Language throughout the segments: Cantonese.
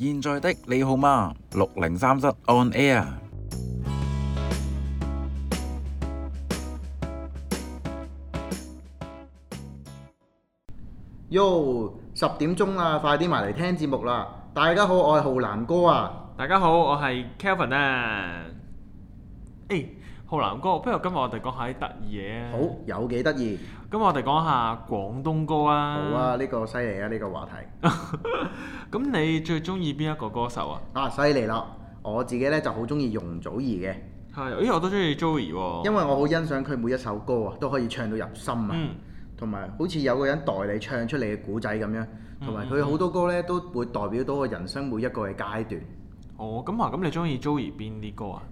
現在的你好嗎？六零三室 on air。喲，十點鐘啦，快啲埋嚟聽節目啦！大家好，我係浩南哥啊！大家好，我係 Kelvin 啊！哎。浩南哥，不如今日我哋講下啲得意嘢好，有幾得意。咁我哋講下廣東歌啊！好啊，呢、呢個犀利啊，呢、呢個話題。咁 你最中意邊一個歌手啊？啊，犀利啦！我自己呢就好中意容祖兒嘅。係，咦我都中意 Joey 喎、啊。因為我好欣賞佢每一首歌啊，都可以唱到入心啊，同埋、嗯、好似有個人代你唱出你嘅故仔咁樣，同埋佢好多歌呢都會代表到人生每一個嘅階段。嗯、哦，咁啊，咁你中意 Joey 邊啲歌啊？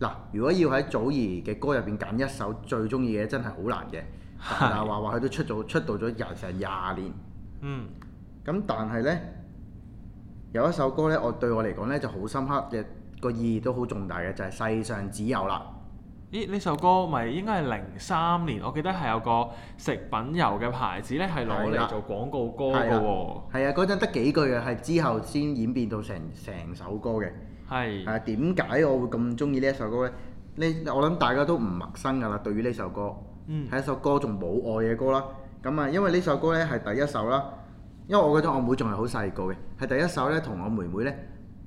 嗱，如果要喺祖兒嘅歌入邊揀一首最鍾意嘅，真係好難嘅。係啊，話話佢都出咗出道咗廿成廿年。嗯。咁但係呢，有一首歌呢，我對我嚟講呢，就好深刻嘅個意義都好重大嘅，就係、是《世上只有啦》。咦？呢首歌咪應該係零三年，我記得係有個食品油嘅牌子呢，係攞嚟做廣告歌嘅喎。係啊，嗰陣得幾句嘅，係之後先演變到成成首歌嘅。係，誒點解我會咁中意呢一首歌咧？呢我諗大家都唔陌生㗎啦，對於呢首歌，係、嗯、一首歌仲冇愛嘅歌啦。咁啊，因為呢首歌呢係第一首啦，因為我覺得我妹仲係好細個嘅，係第一首呢同我妹妹呢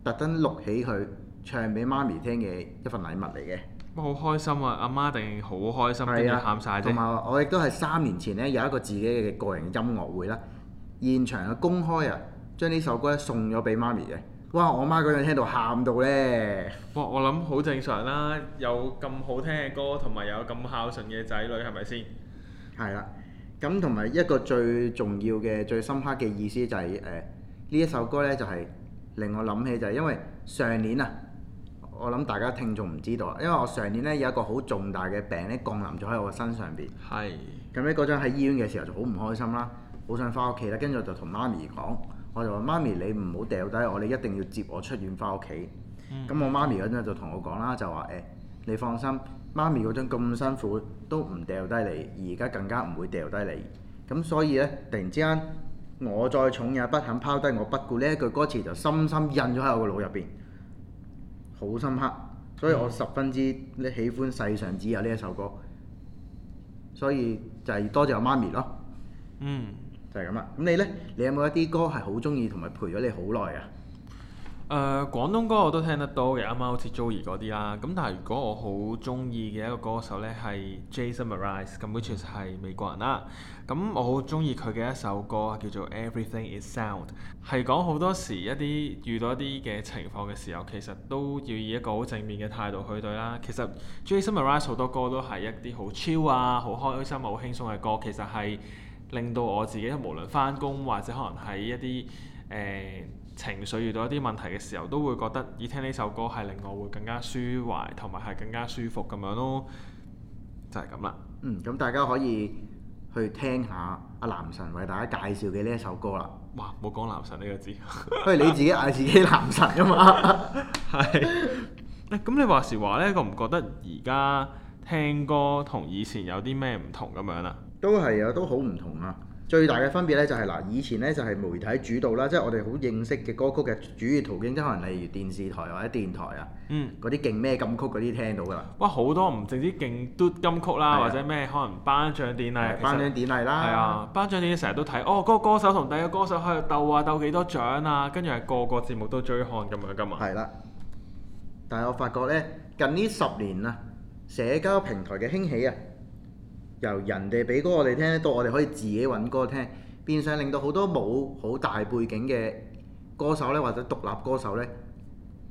特登錄起佢唱俾媽咪聽嘅一份禮物嚟嘅。乜好開心啊！阿媽，媽定好開心，俾佢喊曬。同埋我亦都係三年前呢有一個自己嘅個人音樂會啦，現場嘅公開啊，將呢首歌咧送咗俾媽咪嘅。哇！我媽嗰陣聽到喊到咧，我我諗好正常啦、啊，有咁好聽嘅歌，同埋有咁孝順嘅仔女，係咪先？係啦，咁同埋一個最重要嘅、最深刻嘅意思就係誒呢一首歌呢，就係令我諗起就係、係、因為上年啊，我諗大家聽眾唔知道，啊，因為我上年呢，有一個好重大嘅病呢，降臨咗喺我身上邊。係的。咁呢嗰陣喺醫院嘅時候就好唔開心啦，好想翻屋企啦，跟住就同媽咪講。我就話媽咪你唔好掉低我，你一定要接我出院返屋企。咁、嗯、我媽咪嗰陣就同我講啦，就話誒、欸、你放心，媽咪嗰陣咁辛苦都唔掉低你，而家更加唔會掉低你。咁所以呢，突然之間我再重也不肯拋低我，不顧呢一句歌詞就深深印咗喺我個腦入邊，好、嗯、深刻。所以我十分之咧喜歡世上只有呢一首歌。嗯、所以就係多謝我媽咪咯。嗯。就係咁啦。咁你呢？你有冇一啲歌係好中意同埋陪咗你好耐啊？誒、呃，廣東歌我都聽得多嘅，啱啱好似 Joey 嗰啲啦。咁但係如果我好中意嘅一個歌手呢，係 Jason Mraz，咁 which is 係美國人啦。咁我好中意佢嘅一首歌叫做《Everything Is Sound》，係講好多時一啲遇到一啲嘅情況嘅時候，其實都要以一個好正面嘅態度去對啦。其實 Jason Mraz 好多歌都係一啲好 chill 啊、好開心好輕鬆嘅歌，其實係。令到我自己無論翻工或者可能喺一啲誒、呃、情緒遇到一啲問題嘅時候，都會覺得以聽呢首歌係令我會更加舒懷同埋係更加舒服咁樣咯，就係咁啦。嗯，咁大家可以去聽下阿男神為大家介紹嘅呢一首歌啦。哇，冇講男神呢個字，因為你自己嗌自己男神啊嘛。係 是。誒，咁你話時話呢，覺唔覺得而家聽歌同以前有啲咩唔同咁樣啦？都係啊，都好唔同啊！最大嘅分別咧就係嗱，以前咧就係媒體主導啦，即係我哋好認識嘅歌曲嘅主要途徑，即可能例如電視台或者電台啊，嗯，嗰啲勁咩金曲嗰啲聽到噶啦。哇！好多唔淨止勁 d 金曲啦，或者咩可能頒獎典禮，頒獎典禮啦，係啊，頒獎典禮成日都睇哦，嗰個歌手同第一個歌手喺度鬥啊鬥幾多獎啊，跟住係個個節目都追看咁樣噶嘛。係啦，但係我發覺呢，近呢十年啊，社交平台嘅興起啊。由人哋俾歌我哋聽，到我哋可以自己揾歌聽，變相令到好多冇好大背景嘅歌手呢，或者獨立歌手呢，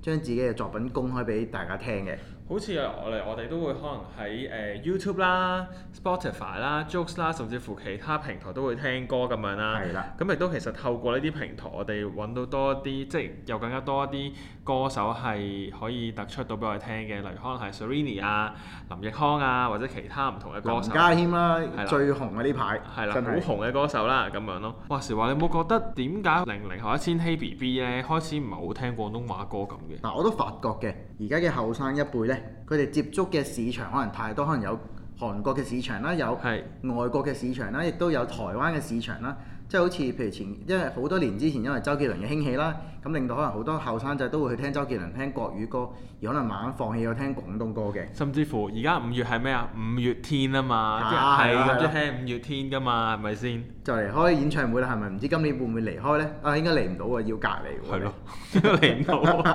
將自己嘅作品公開俾大家聽嘅。好似我哋我哋都會可能喺誒 YouTube 啦、Spotify 啦、Joox 啦，甚至乎其他平台都會聽歌咁樣啦。係啦的。咁亦都其實透過呢啲平台，我哋揾到多啲，即係又更加多啲歌手係可以突出到俾我哋聽嘅，例如可能係 Selina、er、啊、林奕匡啊，或者其他唔同嘅歌手。家謙啦、啊，的最紅嘅呢排。係啦的。好的紅嘅歌手啦，咁樣咯。話時話你有冇覺得點解零零後一千 Hey BB 咧，開始唔係好聽廣東話歌咁嘅？嗱，我都發覺嘅，而家嘅後生一輩咧。佢哋接觸嘅市場可能太多，可能有韓國嘅市場啦，有係外國嘅市場啦，亦都有台灣嘅市場啦。即係好似譬如前，因為好多年之前，因為周杰倫嘅興起啦，咁令到可能好多後生仔都會去聽周杰倫聽國語歌，而可能慢慢放棄去聽廣東歌嘅。甚至乎而家五月係咩啊？五月天啊嘛，啊係咁最聽五月天㗎嘛，係咪先？就嚟開演唱會啦，係咪？唔知今年會唔會嚟開呢？啊，應該嚟唔到喎，要隔離喎。係咯，嚟唔到。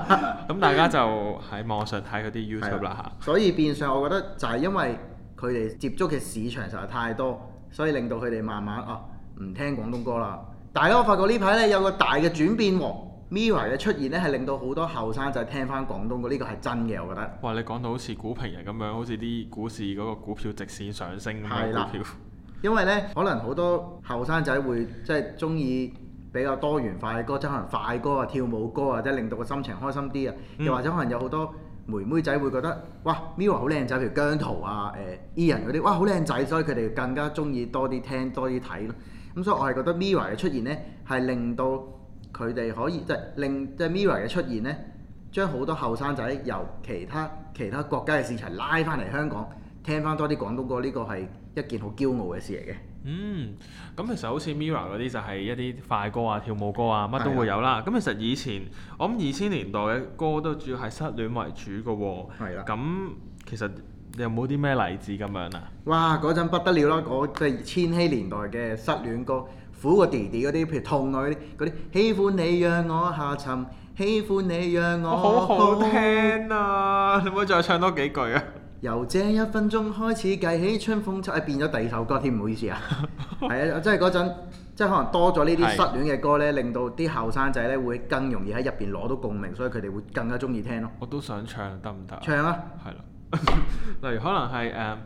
咁大家就喺網上睇嗰啲 YouTube 啦嚇。所以變相我覺得就係因為。佢哋接觸嘅市場實在太多，所以令到佢哋慢慢啊唔聽廣東歌啦。但係呢，我發覺呢排呢有個大嘅轉變喎、嗯、，Mirror 嘅出現呢係令到好多後生仔聽返廣東歌，呢、這個係真嘅，我覺得。哇！你講到好似股評人咁樣，好似啲股市嗰個股票直線上升咁樣票。係啦的， 因為呢，可能好多後生仔會即係鍾意比較多元化嘅歌，即、就、係、是、可能快歌啊、跳舞歌啊，即、就、係、是、令到個心情開心啲啊，又或者可能有好多、嗯。妹妹仔會覺得，哇，MIRROR 好靚仔，譬如姜濤啊，誒，Ian 嗰啲，哇，好靚仔，所以佢哋更加中意多啲聽，多啲睇咯。咁所以我係覺得 MIRROR 嘅出現呢係令到佢哋可以，即係令，即係 MIRROR 嘅出現呢，將好多後生仔由其他其他國家嘅市場拉翻嚟香港，聽翻多啲廣東歌，呢個係一件好驕傲嘅事嚟嘅。嗯，咁其實好似 Mirror 嗰啲就係一啲快歌啊、跳舞歌啊，乜都會有啦。咁的其實以前我諗二千年代嘅歌都主要係失戀為主嘅喎、哦。係咁的其實有冇啲咩例子咁樣啊？哇！嗰陣不得了啦，嗰即係千禧年代嘅失戀歌，苦過弟弟嗰啲，譬如痛愛嗰啲，啲喜歡你讓我下沉，喜歡你讓我、哦、好好聽啊！嗯、你唔好再唱多幾句啊！由這一分鐘開始計起，春風秋誒變咗第二首歌添，唔好意思啊，係 啊，即係嗰陣，即係可能多咗呢啲失戀嘅歌呢，令到啲後生仔呢會更容易喺入邊攞到共鳴，所以佢哋會更加中意聽咯。我都想唱，得唔得？唱啊！係啦是、啊， 例如可能係誒。Um,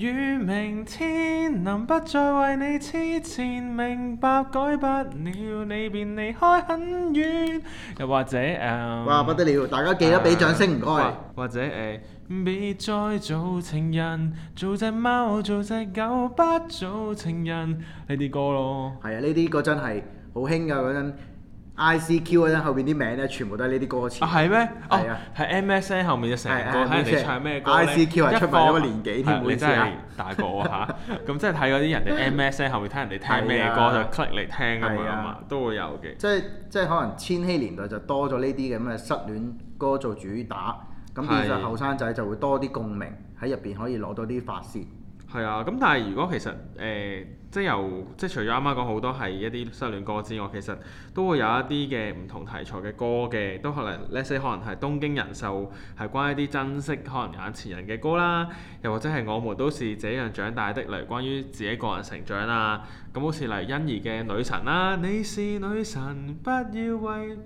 願明天，能不再為你痴纏，明白改不了。你便離開很遠又或者誒，um, 哇不得了！大家記得俾、uh, 掌聲，唔該。或者誒，uh, 別再做情人，做隻貓，做隻狗，做隻狗，不做情人。呢啲歌咯，係啊，呢啲歌真係好興㗎嗰陣 I C Q 咧，後邊啲名咧，全部都係呢啲歌詞。啊係咩？係啊，係 M S N 後面嘅成個，睇你唱咩歌咧。I C Q 係出咗個年紀添，真係大個吓，咁即係睇嗰啲人哋 M S N 後面睇人哋聽咩歌就 click 嚟聽㗎嘛，都會有嘅。即係即係可能千禧年代就多咗呢啲嘅咁嘅失戀歌做主打，咁其實後生仔就會多啲共鳴喺入邊，可以攞到啲發泄。係啊，咁但係如果其實誒、呃，即係由即係除咗啱啱講好多係一啲失戀歌之外，其實都會有一啲嘅唔同題材嘅歌嘅，都可能 Let's say 可能係東京人壽係關一啲珍惜可能眼前人嘅歌啦，又或者係我們都是這樣長大的，例如關於自己個人成長啊，咁好似例如欣宜嘅女神啦，你是女神，不要為。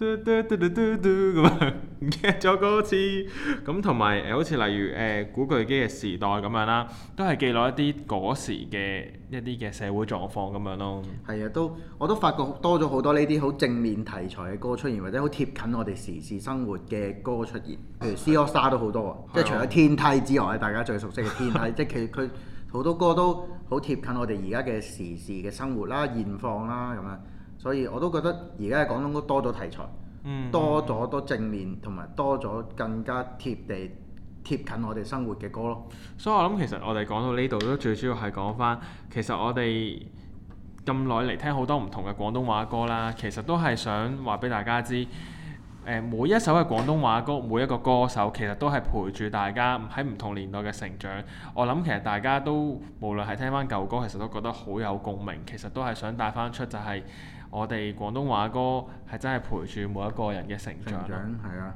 嘟嘟嘟嘟嘟咁樣，唔記得咗歌詞。咁同埋誒，好似例如誒古巨基嘅時代咁樣啦，都係記錄一啲嗰時嘅一啲嘅社會狀況咁樣咯。係啊，都我都發覺多咗好多呢啲好正面題材嘅歌出現，或者好貼近我哋時事生活嘅歌出現。譬如 C AllStar 都好多啊，的即係除咗天梯之外，的大家最熟悉嘅天梯， 即係佢佢好多歌都好貼近我哋而家嘅時事嘅生活啦、現況啦咁樣。所以我都覺得而家喺廣東都多咗題材。嗯、多咗多正面，同埋多咗更加貼地、貼近我哋生活嘅歌咯。所以、so，我諗其實我哋講到呢度都最主要係講返，其實我哋咁耐嚟聽好多唔同嘅廣東話歌啦，其實都係想話俾大家知。每一首嘅廣東話歌，每一個歌手其實都係陪住大家喺唔同年代嘅成長。我諗其實大家都無論係聽翻舊歌，其實都覺得好有共鳴。其實都係想帶翻出就係我哋廣東話歌係真係陪住每一個人嘅成長。成長，係啊，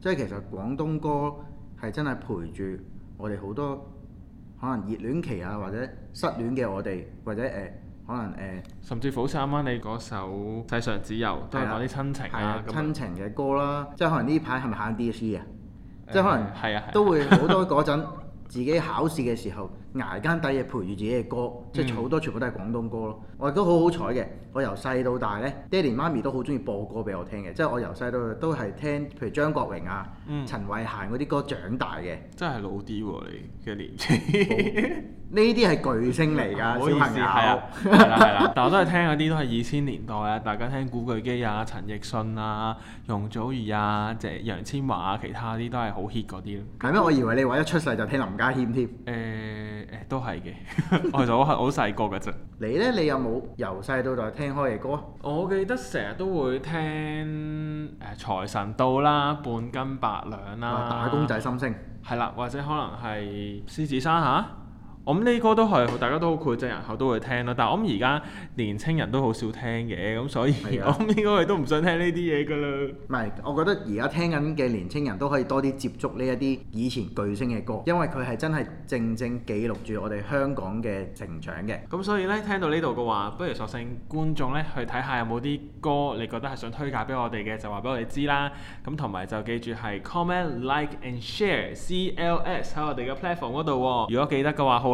即係其實廣東歌係真係陪住我哋好多可能熱戀期啊，或者失戀嘅我哋，或者誒。呃可能誒，呃、甚至乎好似啱啱你嗰首《世上只有》都係講啲親情啊，啊親情嘅歌啦，嗯、即係可能呢排係咪考 DSE 啊？ 呃、 即係可能、啊啊啊、都會好多陣自己考試嘅時候。 捱更抵夜陪住自己嘅歌，即係好多全部都係廣東歌咯。我亦都好好彩嘅，我由細到大呢，爹哋媽咪都好中意播歌俾我聽嘅，即係我由細到大都係聽，譬如張國榮啊、陳慧嫻嗰啲歌長大嘅。真係老啲喎，你嘅年紀。呢啲係巨星嚟㗎，小朋友。係啦係啦，但我都係聽嗰啲都係二千年代啊，大家聽古巨基啊、陳奕迅啊、容祖兒啊、即係楊千嬅啊，其他啲都係好 hit 嗰啲咯。係咩？我以為你話一出世就聽林家謙添。誒。都係嘅， 我其實很 我係好細個嘅啫。你呢？你有冇由細到大聽開嘅歌啊？我記得成日都會聽誒、呃、財神到啦、半斤八兩啦、打工仔心聲，係啦，或者可能係獅子山下？啊我諗呢歌都係大家都好膾炙人口都會聽咯，但係我諗而家年青人都好少聽嘅，咁所以的我應該都唔想聽呢啲嘢㗎啦。唔係，我覺得而家聽緊嘅年青人都可以多啲接觸呢一啲以前巨星嘅歌，因為佢係真係正正記錄住我哋香港嘅成長嘅。咁、嗯、所以呢，聽到呢度嘅話，不如索性觀眾呢去睇下有冇啲歌你覺得係想推介俾我哋嘅，就話俾我哋知啦。咁同埋就記住係 comment like and share C L S 喺我哋嘅 platform 嗰度。如果記得嘅話，好。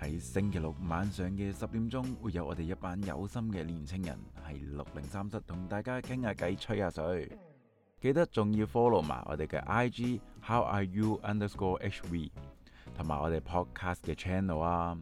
喺星期六晚上嘅十點鐘，會有我哋一班有心嘅年青人喺六零三室同大家傾下偈、吹下水。 記得仲要 follow 埋我哋嘅 IG How Are You Underscore HV，同埋我哋 Podcast 嘅 channel 啊！